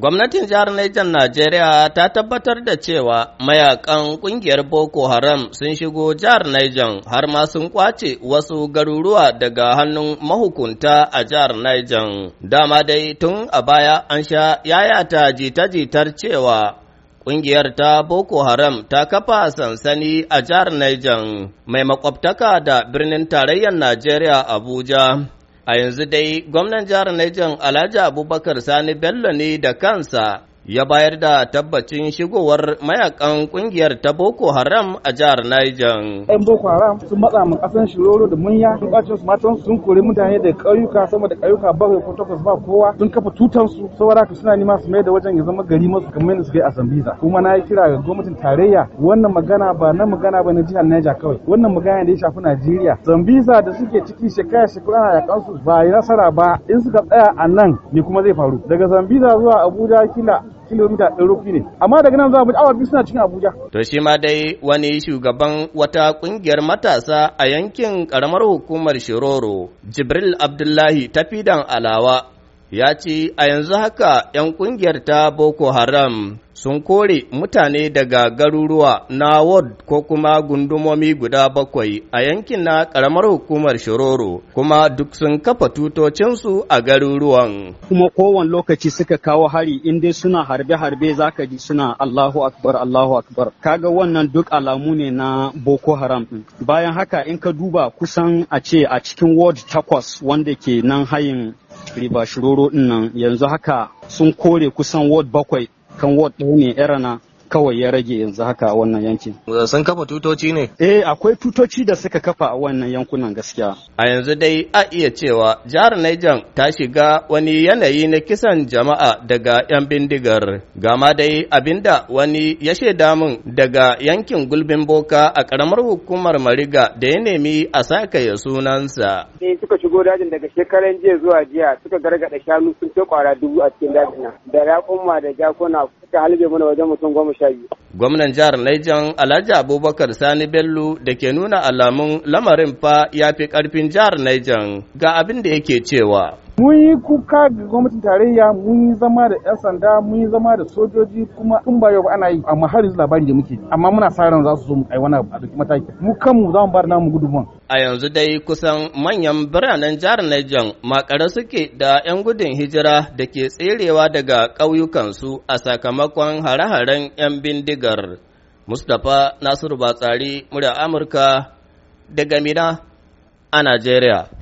Gwamnatin jihar Niger Najeriya ta tabbatar da cewa mayakan kungiyar Boko Haram sun shigo jihar Niger har ma sun kwace wasu garuruwa daga hannun mahukunta a jihar Niger. Dama dai tun a baya an sha yayata jita-jitar cewa Ƙungiyar ta Boko Haram ta kafa sansani a jihar Niger mai makwabtaka da birnin tarayyar Najeriya Abuja. A yanzu dai gwamnan jihar Niger Alhaji Abubakar Sani Bello ne da kansa ya bayar da tabbacin shigowar mayakan kungiyar ta Boko Haram a jihar Niger. Yan Boko Haram sun matsa mu kasan shiroro da munya sun kwace su matan sun kore mutane da ƙauyuka sama da ƙauyuka bakwai ko takwas ba kowa sun kafa tutan su saboda haka suna nima su mai da wajen ya zama gari masu kamar yadda suka yi a Zambiza. Kuma na yi kira ga gwamnatin tarayya wannan magana ba na magana ba na jihar Niger kawai wannan magana da ya shafi Najeriya. Zambiza da suke ciki shekara shekara na yakan su ba yi nasara ba in suka tsaya a nan me kuma zai faru daga Zambiza zuwa Abuja kila kilomita ɗin rufi ne amma daga nan za mu awa biyu suna cikin abuja. to shi ma dai wani shugaban wata ƙungiyar matasa a yankin ƙaramar hukumar shiroro jibril abdullahi tafidan alawa ya ce a yanzu haka 'yan kungiyar ta Boko Haram sun kore mutane daga garuruwa na ward ko kuma gundumomi guda bakwai a yankin na ƙaramar hukumar Shororo kuma duk sun kafa tutocinsu a garuruwan. Kuma kowane lokaci suka kawo hari inda suna harbe-harbe za ka ji suna Allahu Akbar Allahu Akbar. Kaga wannan duk alamu ne na Boko Haram. Bayan haka in ka duba kusan a ce a cikin ward takwas wanda ke nan hayin riba shiroro din nan yanzu haka sun kore kusan ward bakwai kan ward ɗaya ne erana kawai ya rage yanzu haka a wannan yankin. Sun kafa tutoci ne? Eh akwai tutoci da suka kafa a wannan yankunan gaskiya. A yanzu dai a iya cewa jihar Niger ta shiga wani yanayi na kisan jama'a daga 'yan bindigar. Gama dai abinda wani ya shaida min daga yankin gulbin boka a karamar hukumar Mariga da ya nemi a saka ya sunansa. Eh suka shigo dajin daga shekaran jiya zuwa jiya suka gargada shanu sun ce kwara dubu a cikin dajin da raƙumma da jakuna suka halbe mana wajen mutum goma sha biyu. Gwamnan jihar Laijan Alhaji Abubakar Sani Bello da ke nuna alamun lamarin fa ya fi ƙarfin jihar Laijan ga abin da yake cewa. mun yi kuka ga gwamnatin tarayya mun yi zama da yan sanda mun yi zama da sojoji kuma tun ba yau ana yi amma har yanzu labarin da muke amma muna sa ran za su zo mu kai wani abu mataki mu kanmu za mu bar namu gudunmuwan a yanzu dai kusan manyan biranen jihar Niger makare suke da 'yan gudun hijira da ke tserewa daga ƙauyukansu a sakamakon hare-haren 'yan bindigar. Mustapha Nasiru Batsari, murya Amurka daga Mina a Najeriya.